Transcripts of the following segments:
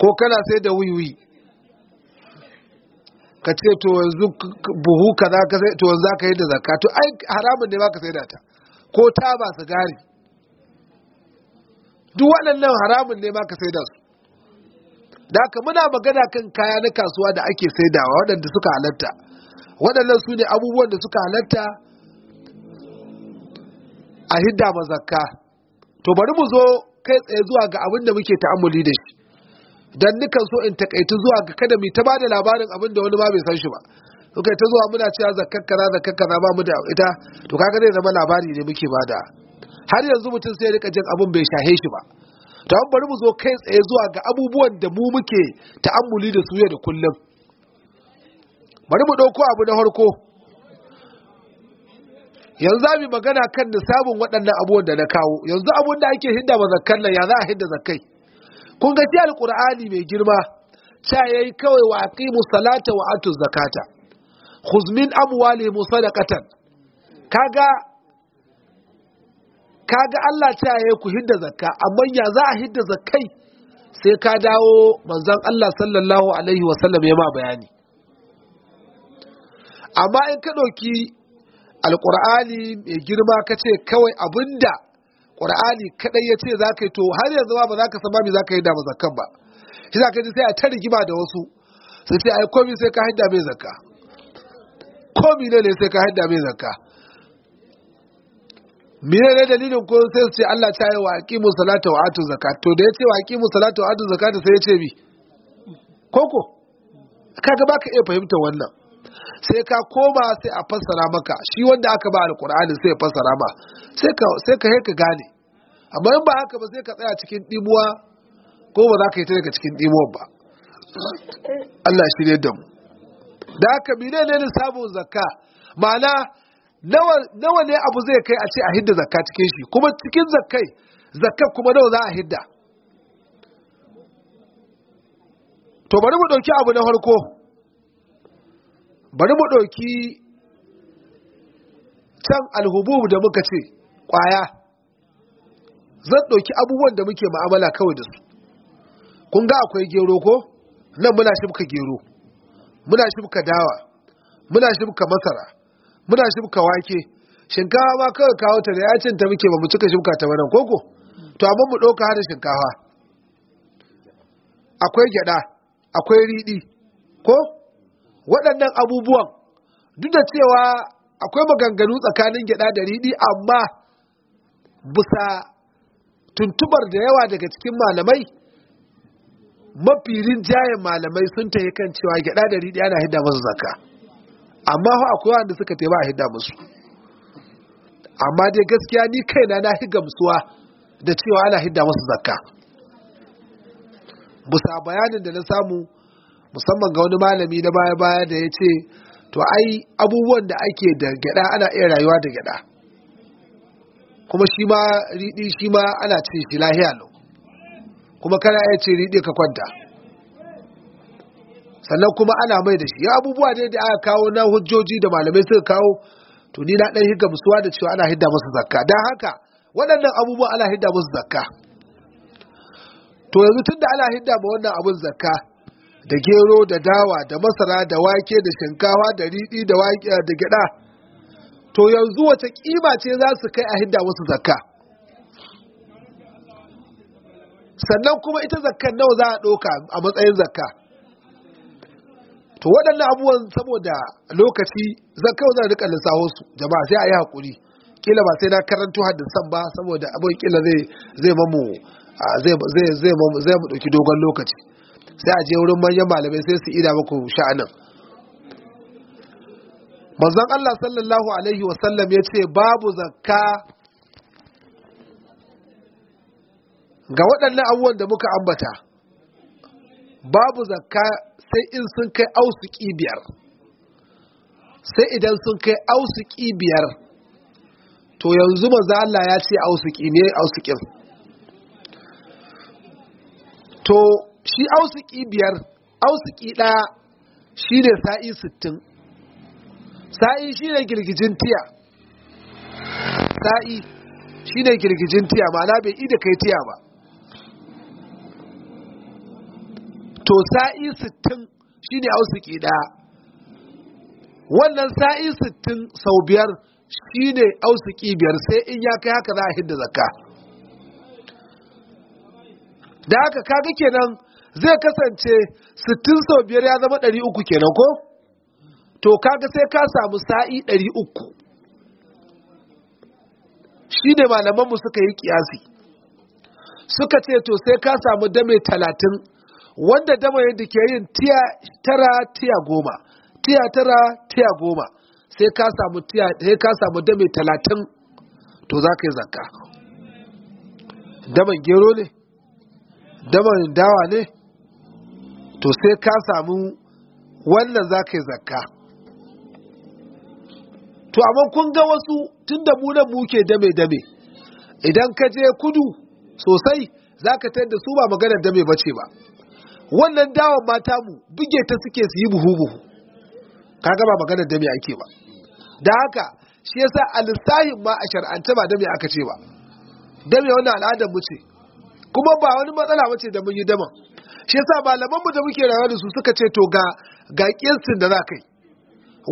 ko kana sai da wiwi ka ce to yanzu buhu za ka sai to yanzu ka yi da zakka to ai haramun ne ka sai da ta ko ta ba sigari duk waɗannan haramun ne ka sai da su da haka muna magana kan kaya na kasuwa da ake saidawa waɗanda suka halatta waɗannan su ne abubuwan da suka halatta a hidda ma zakka to bari mu zo kai tsaye zuwa ga abin da muke ta'amuli da shi dan nikan so in takaitu zuwa ga kada mu ta bada labarin abin da wani ma bai san shi ba kai ta zuwa muna cewa zakkakara, zakkakara ba mu da ita to kaga zai zama labari ne muke bada har yanzu mutum sai ya rika jin abin bai shahe shi ba to an bari mu zo kai tsaye zuwa ga abubuwan da mu muke ta'ammuli da su yau da kullum bari mu ɗauko abu na harko yanzu za magana kan nisabin waɗannan abubuwan da na kawo yanzu abun da ake hidda ba zakkan nan ya za a hidda zakkai kun ga shi alqur'ani mai girma ta yayi kawai wa aqimu salata wa atu zakata khuz min amwali musadaqatan kaga kaga Allah ta yayi ku hidda zakka amma ya za a hidda zakkai sai ka dawo manzon Allah sallallahu alaihi sallam ya ma bayani amma in ka ɗauki alƙur'ani mai girma kace ce kawai abinda qur'ani kadai ya ce za ka yi to har yanzu ba za ka sama mai za ka yi dama zakan ba shi za ka ji sai a ta rigima da wasu sai ce yi komi sai ka haida mai zakka komi ne ne sai ka haida mai zakka mene ne dalilin ko sai su ce Allah ta yi wa aqimu salata wa atu zakat to da ya ce wa aqimu salata wa atu ta sai ya ce bi koko kaga baka iya fahimta wannan sai ka koma sai a fassara maka shi wanda aka ba alkur'ani sai ya fassara ma sai ka sai ka gane amma in ba haka ba sai ka tsaya cikin dimuwa ko ba za ka yi ta daga cikin dimuwan ba Allah shi ne da mu da haka mine ne lissafin zakka ma'ana nawa ne abu zai kai a ce a hidda zakka cikin shi kuma cikin zakkai zakkan kuma nawa za a hidda to bari mu ɗauki abu na farko bari mu ɗauki can alhubub da muka ce ƙwaya zan ɗauki abubuwan da muke ma'amala kawai da su kun ga akwai gero ko nan muna shimka gero muna shimka dawa muna shimka masara muna shimka wake shinkawa ma kawai kawo ta da ya ta muke ba mu cika shimka ta wannan koko to amma mu ɗauka hada shinkawa. akwai gyada akwai riɗi ko waɗannan abubuwan duk da cewa akwai maganganu tsakanin gyaɗa da riɗi amma bisa tuntubar da yawa daga cikin malamai mafi jayen malamai sun tafi kan cewa gyada da riɗi ana hidda masu zaka amma akwai wanda suka taimaka a hidda musu amma dai gaskiya ni kaina na hi gamsuwa da cewa ana hidda masu zakka busa bayanin da na samu musamman ga wani malami na baya-baya da ya ce to ai abubuwan da ake da gyada ana iya rayuwa da gyada kuma shi ma riɗi shi ma ana ce shi lahiya lau kuma kana iya ce riɗi ka kwanta sannan kuma ana mai da shi ya abubuwa ne da aka kawo na hujjoji da malamai suka kawo to ni na ɗan higa musuwa da cewa ana hidda musu zakka don haka waɗannan abubuwa ana hidda musu zakka to yanzu tun da ana hidda ma wannan abun zakka da gero da dawa da masara da wake da shinkawa da riɗi da wake eh, da gyaɗa to yanzu wace kima ce za su kai a hidda wasu zakka sannan kuma ita zakkan nawa za a ɗauka a matsayin zakka to waɗannan abubuwan saboda lokaci zakka za a rika lissaho su jama'a sai a yi haƙuri kila ba sai na karanto hadisan ba saboda abin kila zai zai mamu ah, zai mu ɗauki dogon lokaci sai a je wurin manyan malamai sai su ida muku sha'anin manzon Allah sallallahu alaihi sallam ya ce babu zakka ga waɗannan abubuwan da muka ambata babu zakka sai in sun kai ausuki biyar sai idan sun kai ausuki biyar to yanzu maza Allah ya ce ausuki ne ausukin to shi ausiki biyar ausiki ɗaya shi ne sa'i sittin sa'i shi ne girgijin tiya sa'i shi ne girgijin tiya ma na bai ida kai tiya ba to sa'i sittin shi ne ausiki ɗaya wannan sa'i sittin sau biyar shi ne ausiki biyar sai in ya kai haka za a hidda zakka da haka kaga kenan zai kasance sittin sau biyar ya zama ɗari uku kenan ko to kaga sai ka samu sa'i ɗari uku shi ne malamanmu suka yi kiyasi suka ce to sai ka samu dame talatin wanda dama yadda ke yin tiya tara tiya goma tiya tara tiya goma sai ka samu tiya sai ka samu dame talatin to za ka yi zakka daman gero ne daman dawa ne to sai ka samu wannan za ka yi zakka to amma kun ga wasu tun da mu muke dame-dame idan ka je kudu sosai za ka tayar da su ba maganar dame ba ce ba wannan dawon mata mu buge ta suke su yi buhu-buhu ka gaba maganar dame ake ba da haka shi yasa alisahin ma a shar'anta ba dame aka ce ba dame wannan al'adar mu ce kuma ba wani matsala mace da mun yi daman shi yasa malaman mu da muke rayuwa da su suka ce to ga ga kinsin da za kai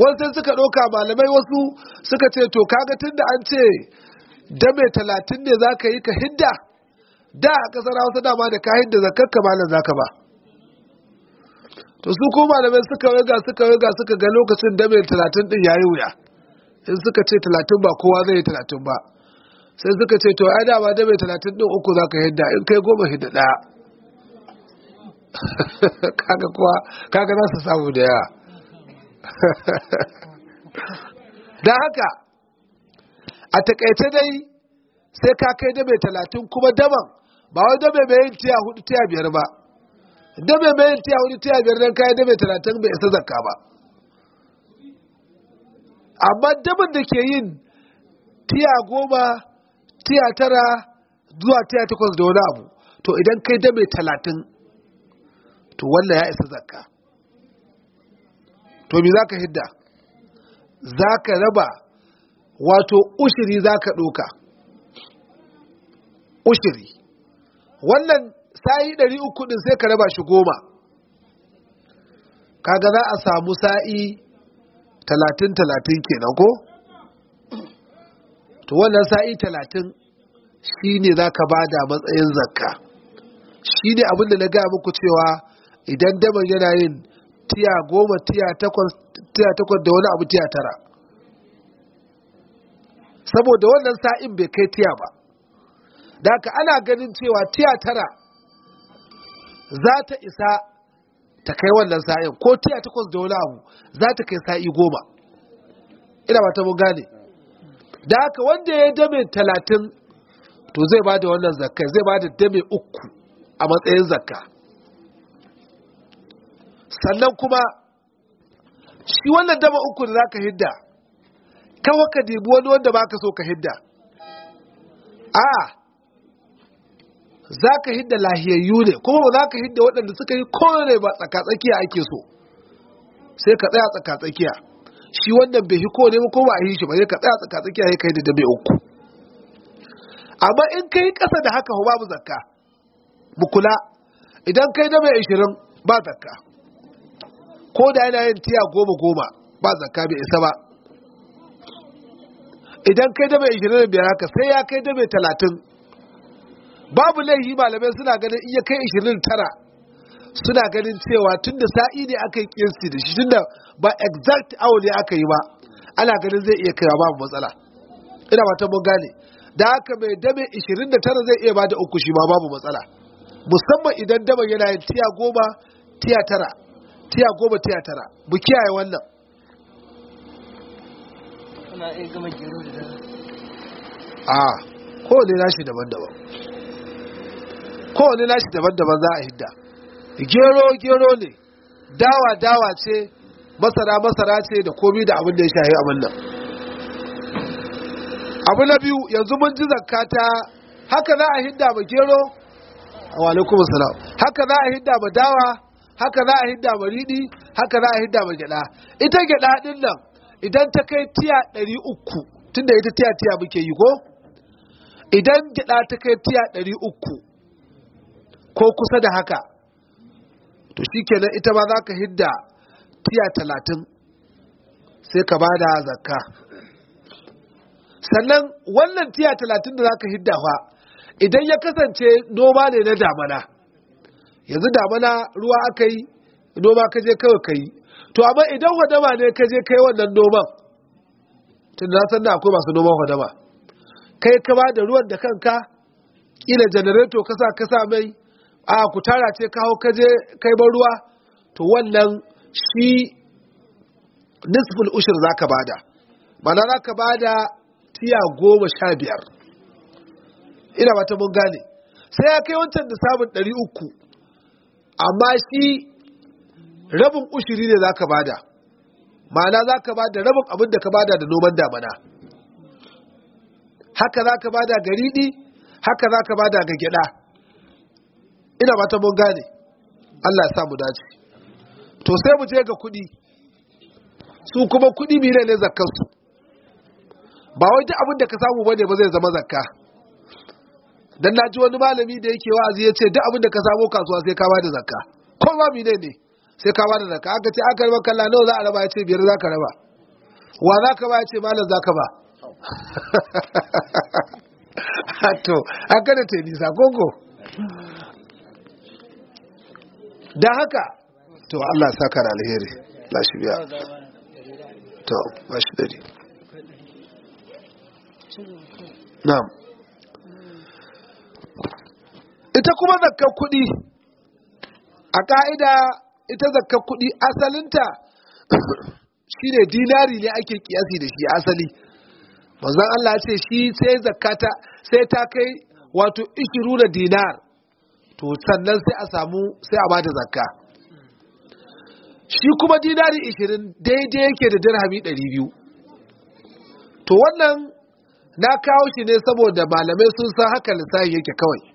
wasu suka ɗauka malamai wasu suka ce to kaga tunda an ce da me talatin ne za ka yi ka hidda da a ƙasar hausa dama da ka hidda zakakka malam za ka ba to su ko malamai suka wiga suka wiga suka ga lokacin da me talatin ɗin yayi wuya in suka ce talatin ba kowa zai yi talatin ba sai suka ce to ai dama me talatin ɗin uku za ka hidda in kai goma hidda ɗaya kaga kuwa kaga za su samu da yawa da haka a takaice dai sai ka kai dabe talatin kuma daban ba wai dabe mai yin tiya hudu tiya biyar ba dabe mai yin tiya hudu tiya biyar don kayi dabe talatin bai isa zakka ba amma daban da ke yin tiya goma tiya tara zuwa tiya takwas da wani abu to idan kai dabe talatin to ya isa zakka to bi zaka hidda zaka raba wato ushiri zaka doka ushiri wannan sa'i 300 din sai ka raba shi goma kaga za a samu sa'i 30 30 kenan ko to wannan sa'i 30 shine zaka bada matsayin zakka shine abin da na ga muku cewa idan daban yana yin tiya goma tiya takwas da wani abu tiya tara saboda wannan sa'in bai kai tiya ba da aka ana ganin cewa tiya tara za ta isa ta kai wannan sa'in ko tiya takwas da wani abu za ta kai sa'i goma ina ba ta mun gane da aka wanda ya dame talatin to zai ba da wannan zakka zai ba da dame uku a matsayin zakka sannan kuma shi wannan daba uku da za ka hidda kawo ka dibu wani wanda ba ka so ka hidda A, za ka hidda lahiyayyu ne kuma ba za ka hidda waɗanda suka yi kone ba tsakatsakiya ake so sai ka tsaya tsakatsakiya shi wannan bai yi ne ko ba a yi shi ba sai ka tsaya tsakatsakiya ya kai da dabe uku amma in ka yi ƙasa da haka babu zakka kula. idan kai dabe ashirin ba zakka ko da yana yin tiya goma goma ba zakka bai isa ba idan kai dabe 25 haka sai ya kai dabe 30 babu laihi malamai suna ganin iya kai 29 suna ganin cewa tun da sa'i ne aka yi kinsi da shi tun da ba exact hour ne aka yi ba ana ganin zai iya kai babu matsala ina mata mun gane da haka mai da 29 zai iya ba da uku shi ma babu matsala musamman idan daban yana yin tiya goma tiya tara tiya goma tiya tara mu kiyaye wannan a kowane nashi daban-daban kowane nashi daban-daban za a hidda gero gero ne dawa dawa ce masara masara ce da komi da abin da ya shahi abin nan abu na biyu yanzu mun ji zakka ta haka za a hidda ba gero wa alaikum salam haka za a hidda ba dawa haka za a hidda ma riɗi haka za a hidda ma gyaɗa ita gyaɗa ɗin nan idan ta kai tiya ɗari uku tunda ita tiya tiya muke yi ko idan gyaɗa ta kai tiya ɗari uku ko kusa da haka to shi kenan ita ma za ka hidda tiya talatin sai ka ba da zakka sannan wannan tiya talatin da za ka hidda fa idan ya kasance noma ne na damana yanzu damana ruwa aka yi noma ka je kawai ka yi to amma idan wadama ne ka je kai wannan noman tun na san da akwai masu noman wadama kai ka ba da ruwan da kanka kila janareto kasa-kasa mai a ku tara ce kawo ka je kai ban ruwa to wannan shi nisful ushir za ka bada mana za ka bada tiya goma sha biyar ina ba ta mun gane sai ya kai wancan da samun ɗari uku amma shi rabin ushiri ne zaka bada ma'ana zaka bada rabin abin da ka bada da noman damana haka zaka bada ga riɗi haka zaka bada ga gyaɗa ina ba ta mun gane Allah sa mu dace to sai mu je ga kuɗi su kuma kuɗi mire ne zakkansu ba wai duk abin da ka samu bane ba zai zama zakka dan na ji wani malami da yake wa'azi ya ce duk abin da ka samo kasuwa sai ka bada zakka ko ba mi ne sai ka bada zakka aka ce aka raba kalla nawa za a raba ya ce biyar za ka raba wa za ka ba ya ce malam za ka ba to an da ta nisa koko da haka to Allah saka alheri la shi biya to ba shi dare na'am ita kuma zakka kuɗi a ƙa'ida ita zakka kuɗi asalinta shi ne dinari ne ake kiyasi da shi asali manzon Allah ce shi sai zakata sai ta kai wato ishiru da dinar to sannan sai a samu sai a bada zakka shi kuma dinari ishirin daidai yake da dirhami ɗari biyu to wannan na kawo shi ne saboda malamai sun san haka lissafi yake kawai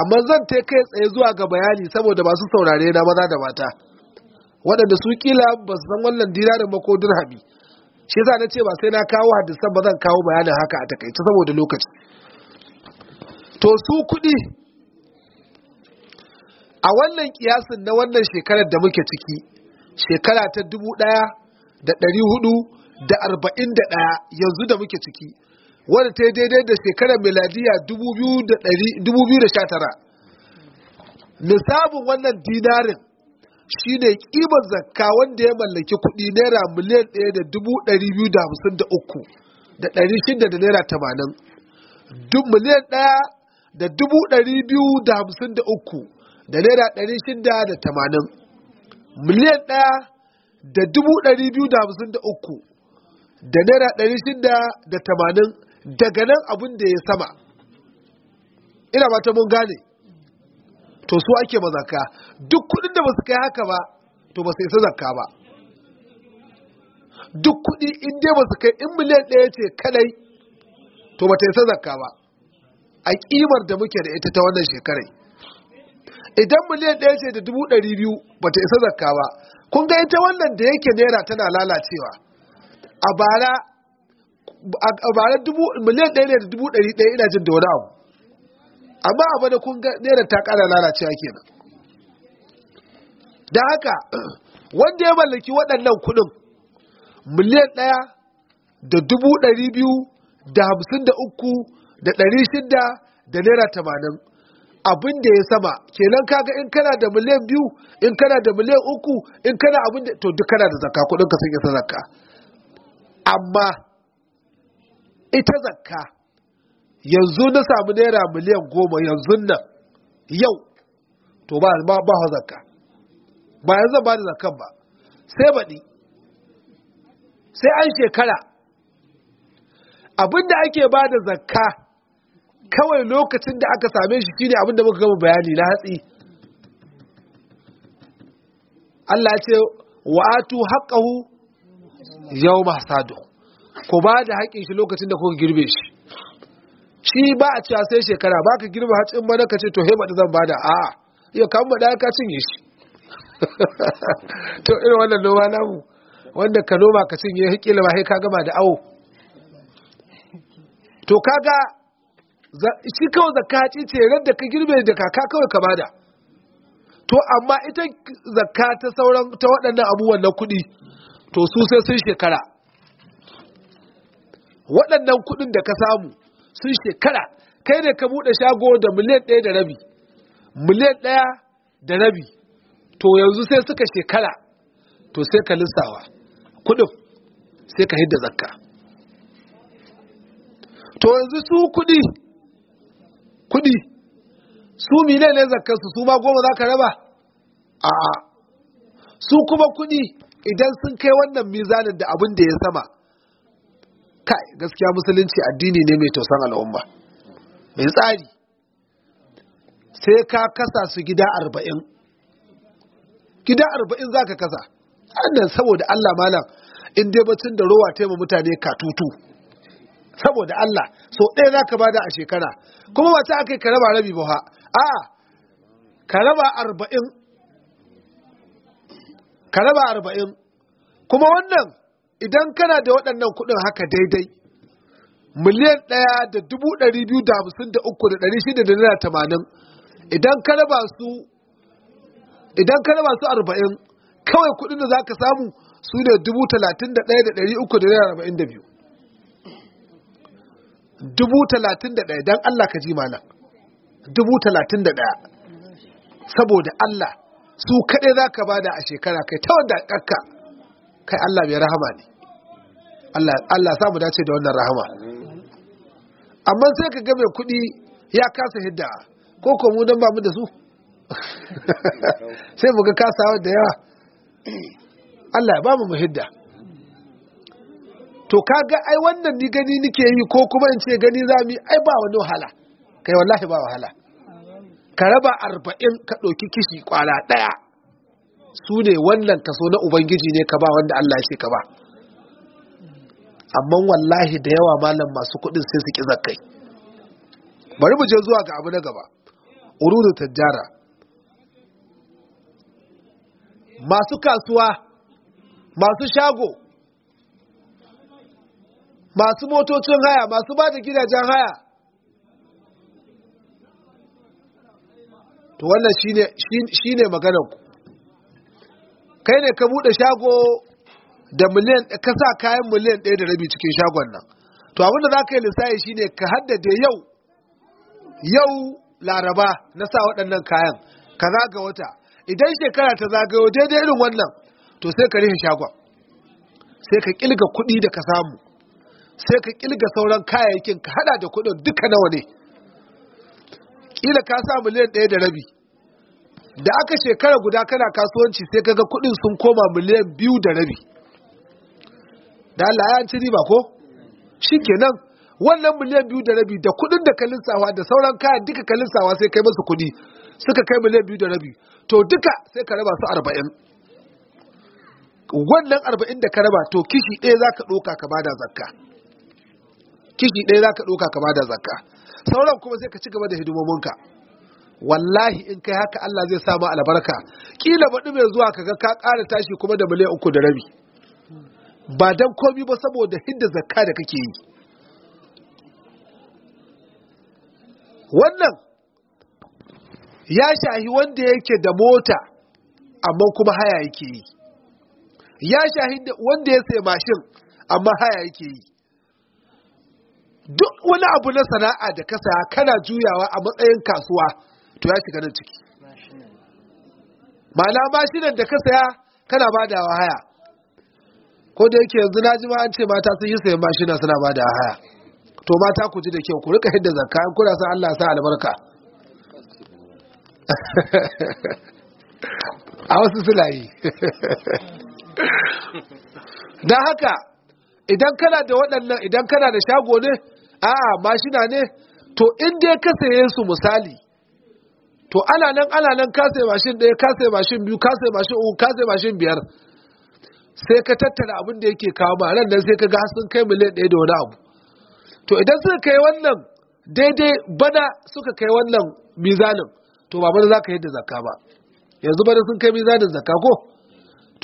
amma zan ta kai tsaye zuwa ga bayani saboda masu saurare na maza da mata waɗanda su kila ba su san wannan dinarin ba ko dirhami shi yasa na ce ba sai na kawo hadisan ba zan kawo bayanin haka a takaice saboda lokaci to su kuɗi a wannan kiyasin na wannan shekarar da muke ciki shekara ta dubu ɗaya da ɗari hudu da arba'in da ɗaya yanzu da muke ciki wadda ta yi daidai da shekarar miladiya 2019 lissafin wannan dinarin shi ne kimar zakka wanda ya mallaki kudi naira miliyan 1,253 da 600 da naira 80 duk miliyan 1 da 253 da naira 680 miliyan 1 da 253 da naira 680 daga nan abin da ya sama ina ba ta mun gane to su ake mazaka duk kudin da ba su kai haka ba to ba su isa zakka ba duk kudi in dai ba su kai in miliyan ɗaya ce kadai to ba ta isa zakka ba a kimar da muke da ita ta wannan shekarai idan miliyan ɗaya ce da dubu ɗari biyu ba ta isa zakka ba kun ga ita wannan da yake naira tana lalacewa a bara a bara miliyan ɗaya ne da dubu ɗari ɗaya ina jin da wani abu amma a bada kun ga naira ta ƙara lalacewa kenan da haka wanda ya mallaki waɗannan kuɗin miliyan ɗaya da dubu ɗari biyu da hamsin da uku da ɗari shida da naira tamanin abin da ya sama kenan kaga in kana da miliyan biyu in kana da miliyan uku in kana abin da to duk kana da zakka kuɗin ka sun isa zakka amma ita zakka yanzu na samu naira miliyan goma yanzu nan yau to ba ba ba zakka ba yanzu ba da zakkan ba sai baɗi sai an shekara abinda ake ba da zakka kawai lokacin da aka same shi shine abinda muka gama bayani na hatsi Allah ce wa'atu yau yawma sadu Ko ba da haƙin shi lokacin da kuka girbe shi shi ba a cewa sai shekara ba ka girbe hatsin ba ka ce to heba da zan bada a iya kan ba da ka cinye shi to irin wannan noma namu wanda ka noma ka cinye hikila ba sai ka gama da awo to kaga shi kawai zakka ci ce da ka girbe da kaka kawai ka bada to amma ita zakka ta sauran ta waɗannan abubuwan na kuɗi to su sai sun shekara waɗannan kuɗin da ka samu sun shekara kai ne ka buɗe shago da miliyan ɗaya da rabi miliyan ɗaya da rabi to yanzu sai suka shekara to sai ka lissawa kuɗin sai ka hidda zakka to yanzu su kuɗi kuɗi su miliyan ne zakkarsu su ma goma za ka raba a'a su kuma kuɗi idan sun kai wannan mizanin da abin da ya sama kai gaskiya musulunci addini ne mai tausan al'umma mai tsari sai ka kasa su gida arba'in gida arba'in za ka kasa annan saboda allah malam in dai bacin da rowa taima mutane katutu saboda allah so ɗaya za ka bada a shekara kuma ba ta aka yi karaba rabi ba a karaba arba'in karaba arba'in kuma wannan idan kana da waɗannan kuɗin haka daidai miliyan ɗaya da dubu ɗari biyu da hamsin da uku da ɗari shida da naira tamanin idan ka raba su idan ka raba su arba'in kawai kuɗin da za ka samu su ne dubu talatin da ɗaya da ɗari uku da naira arba'in da biyu dubu talatin da ɗaya don Allah ka ji mana dubu talatin da ɗaya saboda Allah su kaɗai za ka bada a shekara kai ta wanda ƙarƙa kai Allah mai rahama ne Allah Samu dace da wannan rahama amma sai ka ga mai kuɗi ya kasa hidda ko komu don ba mu da su sai mu ga kasa da yawa Allah ya ba mu hidda to kaga ai wannan ni gani nike yi ko kuma in ce gani za mu ai ba wani wahala kai wallahi ba wahala ka raba arba'in ka ɗauki kishi kwala ɗaya su ne wannan kaso na ubangiji ne ka ba wanda Allah ya ce ka ba amma wallahi da yawa malam masu kuɗin sai su ki zakkai bari mu je zuwa ga abu na gaba urudu tajjara masu kasuwa masu shago masu motocin haya masu ba da gidajen haya to wannan shine maganar ku kai ne ka bude shago da miliyan ka sa kayan miliyan ɗaya da rabi cikin shagon nan to abin da za ka yi lissafi shine ka haddade yau yau laraba na sa waɗannan kayan ka zaga wata idan shekara ta zagayo daidai irin wannan to sai ka rufe shagon sai ka kilga kuɗi da ka samu sai ka kilga sauran kayayyakin ka hada da kuɗin duka nawa ne kila ka sa miliyan ɗaya da rabi da aka shekara guda kana kasuwanci sai kaga kudin sun koma miliyan biyu da rabi da Allah ya ci riba ko shikenan wannan miliyan biyu da rabi da kudin da kalin sawa da sauran kayan duka kalin sawa sai kai masu kudi suka kai miliyan biyu da rabi to duka sai ka raba su arba'in wannan arba'in da ka raba to kishi ɗaya za ka ka bada zakka kishi ɗaya za ka ka bada zakka sauran kuma sai ka ci gaba da hidimominka wallahi in kai haka Allah zai samu ma albarka kila baɗi mai zuwa kaga ka ƙara tashi kuma da miliyan uku da rabi ba dan komi ba saboda hidda zakka da kake yi wannan ya shahi wanda yake da mota amma kuma haya yake yi ya shahi wanda ya sai mashin amma haya yake yi duk wani abu na sana'a da ka kana juyawa a matsayin kasuwa to ya shiga nan ciki ma'ana mashinan da ka saya kana badawa haya ko da yake yanzu na ji ma an ce mata sun yi sayan mashina suna badawa haya to mata ku ji da kyau ku rika hidda zakka in kuna san Allah sa albarka a wasu sulayi don haka idan kana da waɗannan idan kana da shago ne a'a mashina ne to in dai ka saye su misali to ana nan ana nan kasai mashin ɗaya kasai mashin biyu kasai mashin uku kasai mashin biyar sai ka tattara abin da yake kawo ma ran nan sai ka ga sun kai miliyan ɗaya da wani abu to idan suka kai wannan daidai bana suka kai wannan mizanin to ba bana za ka yadda zakka ba yanzu bana sun kai mizanin zakka ko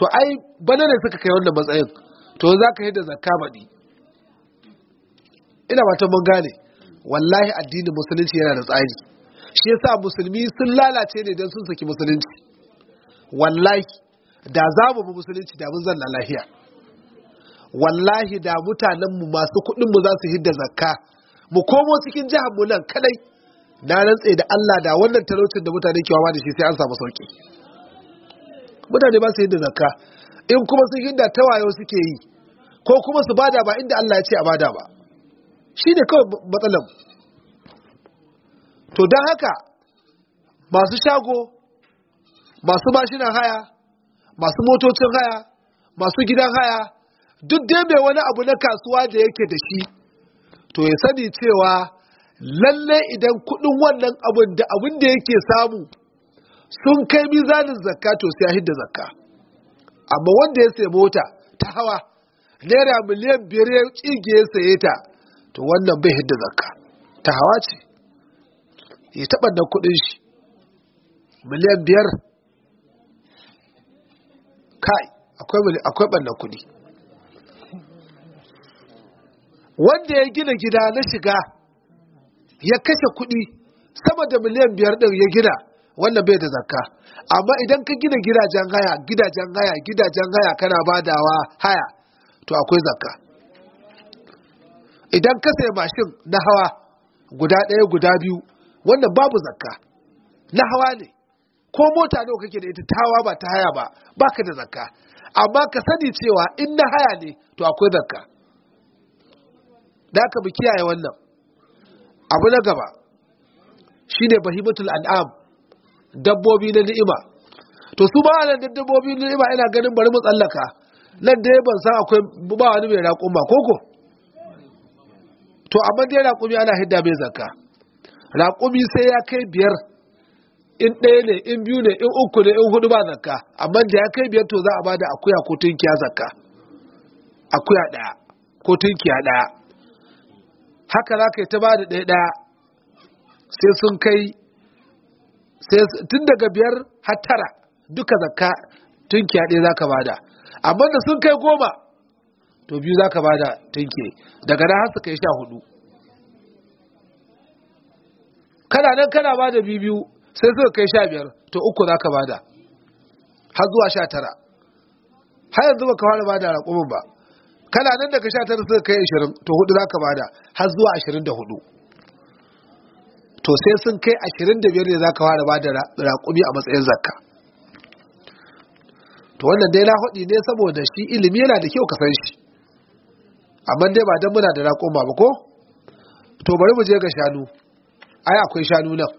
to ai bana ne suka kai wannan matsayin to za ka yadda zakka ni? ina matan mun gane wallahi addinin musulunci yana da tsari shi yasa musulmi sun lalace ne don sun saki musulunci wallahi da za mu musulunci da mun zanna lafiya wallahi da mutanenmu masu kuɗinmu za su hidda zakka mu komo cikin jihar mu nan kadai na rantse da Allah da wannan talaucin da mutane ke wama da shi sai an samu sauki mutane ba su hidda zakka in kuma sun hidda tawayo suke yi ko kuma su bada ba inda Allah ya ce a bada ba shi ne kawai matsalar to don haka masu shago masu mashinan haya masu motocin haya masu gidan haya duk dai mai wani abu na kasuwa da yake da shi to ya sani cewa lalle idan kudin wannan abun da abin da yake samu sun kai mizanin zakka to sai ya hidda zakka amma wanda ya sai mota ta hawa naira miliyan biyar ya tsige ya saye ta to wannan bai hidda zakka ta hawa ce ya taɓa da kuɗin shi miliyan biyar kai akwai ɓanna kuɗi wanda ya gina gida na shiga ya kashe kuɗi sama da miliyan biyar ɗin ya gina wannan bai da zakka amma idan ka gina gidajen haya gidajen haya gidajen haya kana badawa haya to akwai zakka idan ka sai mashin na hawa guda ɗaya guda biyu Wannan babu zakka na hawa ne ko mota nawa kake da ita ta hawa ba ta haya ba baka da zakka amma ka sani cewa in na haya ne to akwai zakka da aka bi kiyaye wannan abu na gaba shine bahimatul an'am dabbobi na ni'ima to su ba nan dabbobi na ni'ima ina ganin bari mu tsallaka nan dai ban san akwai ba wani mai raƙuma koko to amma dai raƙumi ana hidda bai zakka raƙumi sai ya kai biyar in ɗaya ne in biyu ne in uku ne in hudu ba zakka amma da ya kai biyar to za a ba da akuya ko tunkiya zakka akuya ɗaya ko tunkiya ɗaya haka za ka yi ta ba da ɗaya ɗaya sai sun kai tun daga biyar har tara duka zakka tunkiya ɗaya za ka ba da amma da sun kai goma to biyu za ka ba da tunkiya daga nan har su kai sha hudu kana nan kana ba da biyu sai suka kai sha biyar to uku za ka ba da har zuwa sha tara har yanzu ba ka fara ba da raƙumin ba kana nan daga sha tara suka kai ashirin to hudu za ka ba da har zuwa ashirin da hudu to sai sun kai ashirin da biyar ne za ka fara ba da raƙumi a matsayin zakka to wannan dai na hudu ne saboda shi ilimi yana da kyau ka san shi amma dai ba don muna da raƙuma ba ko to bari mu je ga shanu ai akwai shanu nan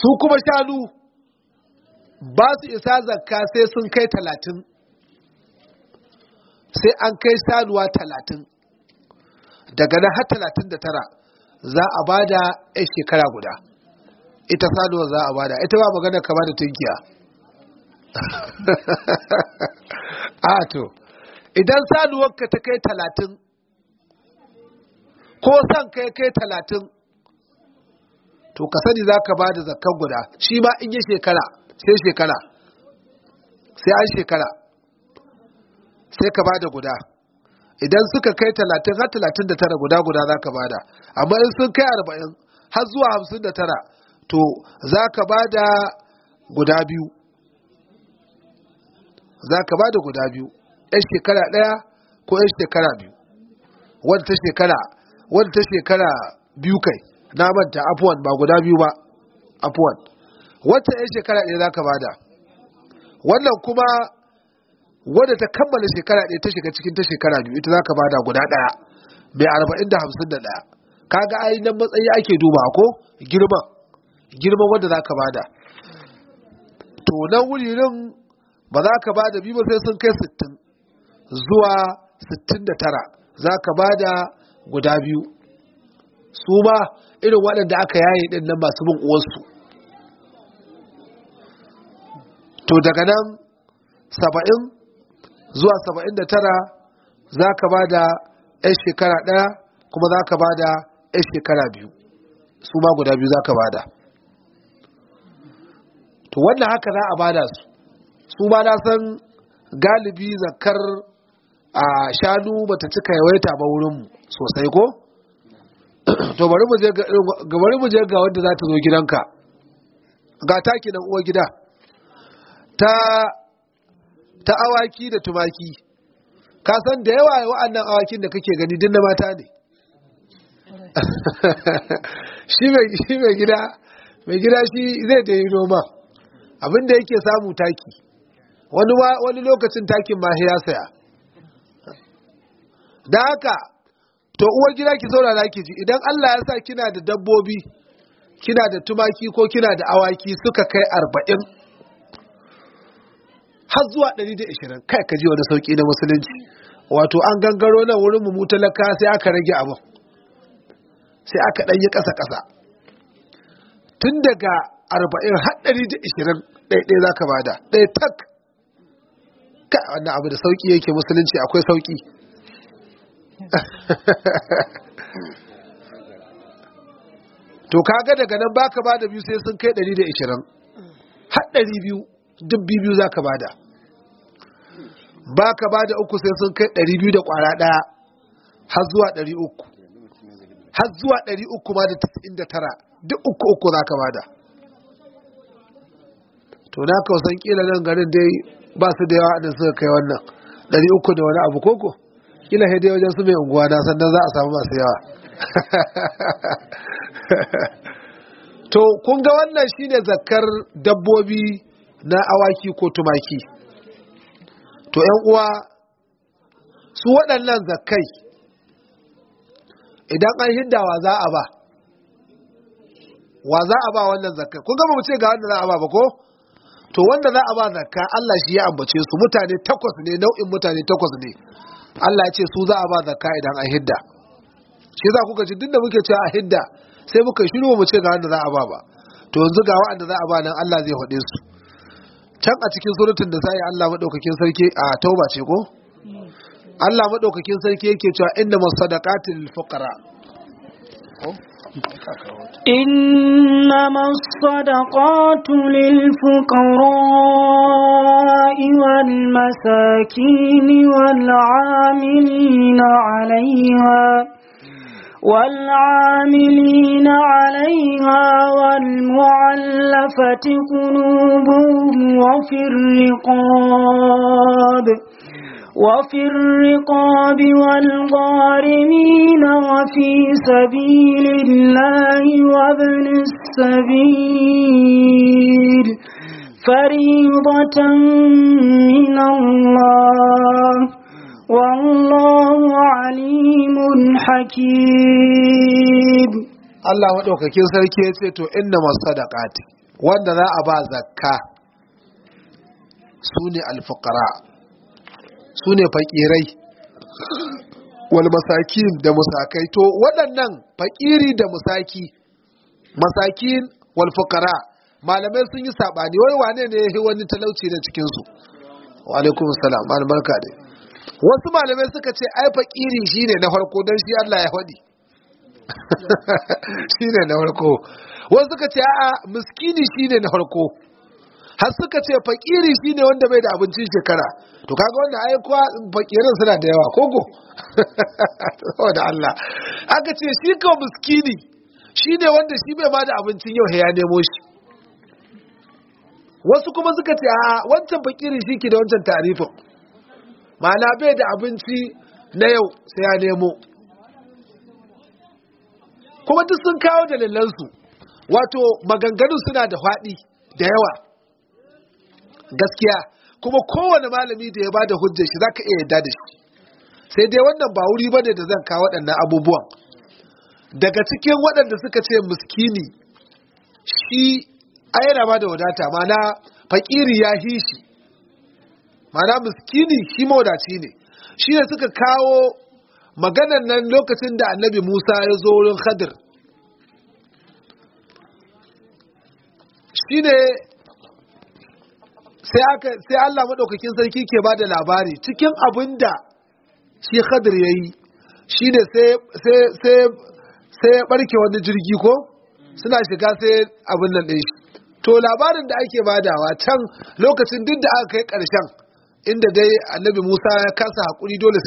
su kuma shanu ba su isa zakka sai sun kai talatin sai an kai sanuwa talatin daga nan har talatin da tara za a ba da yan shekara guda ita sanuwa za a ba da ita ba magana kama da tunkiya a to idan ka ta kai talatin ko san kai kai talatin to ka sani za ka ba da zakar guda shi ma in yi shekara sai shekara sai an shekara sai ka ba da guda idan suka kai talatin har talatin da tara guda guda za ka ba da amma in sun kai arba'in har zuwa hamsin da tara to za ka ba da guda biyu za ka ba da guda biyu yan shekara ɗaya ko yan shekara biyu wadda ta shekara biyu kai na manta afuwan ba guda biyu ba afuwan wata yan shekara ɗaya za ka ba da? wannan kuma wadda ta kammala shekara ɗaya ta shiga cikin ta shekara biyu ita za ka ba da guda ɗaya mai arba'in da hamsin da ɗaya kaga ai nan matsayi ake duba ko girma, girma wanda za ka da. to nan wurin ba za ka ba da biyu ba sai sun kai sittin zuwa sittin da tara za ka ba da guda biyu su ma irin waɗanda aka yaye ɗin nan masu bin uwansu to daga nan saba'in zuwa saba'in da tara za ka ba da 'yan shekara ɗaya kuma za ka ba da 'yan shekara biyu su ma guda biyu za ka ba da to wannan haka za a ba da su su ba na san galibi zakar a shanu bata cika yawaita ba wurinmu sosai ko to bari mu je ga bari wanda za ta zo gidanka ga taki nan uwa gida ta ta awaki da tumaki ka san da yawa wa'annan awakin da kake gani din na mata ne shi mai gida mai gida shi zai da yi noma abinda yake samu taki wani lokacin takin ma ya saya da haka to uwar gida ki saurara ki ji idan Allah ya sa kina da dabbobi kina da tumaki ko kina da awaki suka kai arba'in har zuwa ɗari da kai ka ji wani sauƙi na musulunci wato an gangaro nan wurin mu talaka sai aka rage abu sai aka ɗanyi ƙasa ƙasa tun daga arba'in har ɗari da ashirin ɗaiɗai za ka bada ɗaya tak ka wannan abu da sauƙi yake musulunci akwai sauƙi to kaga daga nan baka bada biyu sai sun kai 120 har 200 duk biyu zaka bada baka bada uku sai sun kai 200 da kwara daya har zuwa 300 har zuwa 300 ma da 99 duk uku uku zaka bada to na kawasan kila nan garin dai ba su da yawa da suka kai wannan 300 da wani abu koko kila hede wajen su mai unguwa na sannan za a samu masu yawa to kun ga wannan shine zakar dabbobi na awaki ko tumaki to yan uwa su waɗannan zakai idan an hiddawa za a ba wa za a ba wannan zakai kun gama mu ce ga wanda za a ba ba ko to wanda za a ba zakka Allah shi ya ambace su mutane takwas ne nau'in mutane takwas ne Allah ya ce su za a ba zakka idan a hidda shi za kuka ji duk da muke cewa a hidda sai muka shiru mu ce ga wanda za a ba ba to yanzu ga wanda za a ba nan Allah zai hode su can a cikin suratul da sai Allah madaukakin sarki a tauba ce ko Allah madaukakin sarki yake cewa inna masadaqatil fuqara إنما الصدقات للفقراء والمساكين والعاملين عليها والعاملين عليها والمعلفة قلوبهم وفي الرقاب وفي الرقاب والغارمين وفي سبيل الله وابن السبيل فريضة من الله والله عليم حكيم الله ودوك كي سركي تو انما الصدقات وان ذا ابا زكاه سوني الفقراء su ne fakirai wal masakin da musakai to waɗannan fakiri da musaki masakin wal fuqara malamai sun yi sabani wai wane ne yayi wani talauci da cikin su wa alaikum assalam dai wasu malamai suka ce ai fakiri shine na farko dan shi Allah ya faɗi shine na farko wasu suka ce a'a miskini shine na farko har suka ce fakiri shine wanda bai da abincin shekara to kaga wanda ai kuwa fakirin suna da yawa koko saboda Allah aka ce shi ka miskini shine wanda shi bai ba da abincin yau ya nemo shi wasu kuma suka ce a wancan fakiri shi ke da wancan tarifin ma'ana bai da abinci na yau sai ya nemo kuma duk sun kawo dalilansu wato maganganu suna da faɗi da yawa gaskiya kuma kowane malami da ya bada hujjar shi zaka iya yadda da shi sai dai wannan ba wuri bane da zan kawo waɗannan abubuwan daga cikin waɗanda suka ce muskini shi a yana ba da wadata mana fakiri ya hi shi mana miskini shi mawadaci ne shi ne suka kawo maganan nan lokacin da annabi musa ya zo wurin khadir shi ne sai aka sai Allah madaukakin sarki ke bada labari cikin abinda shi Khadir yayi shine sai sai sai sai ya barke wani jirgi ko suna shiga sai abin nan dai to labarin da ake badawa can lokacin duk da aka kai karshen inda dai Annabi Musa ya kasa hakuri dole